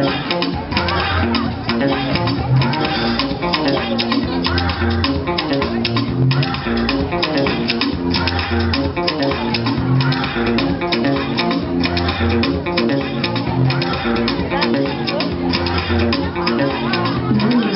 New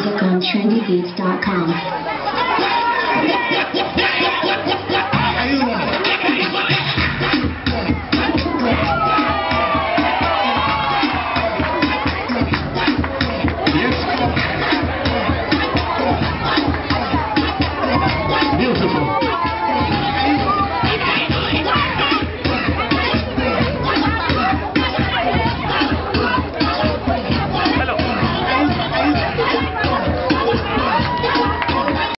music on trendybeats.com. Thank you.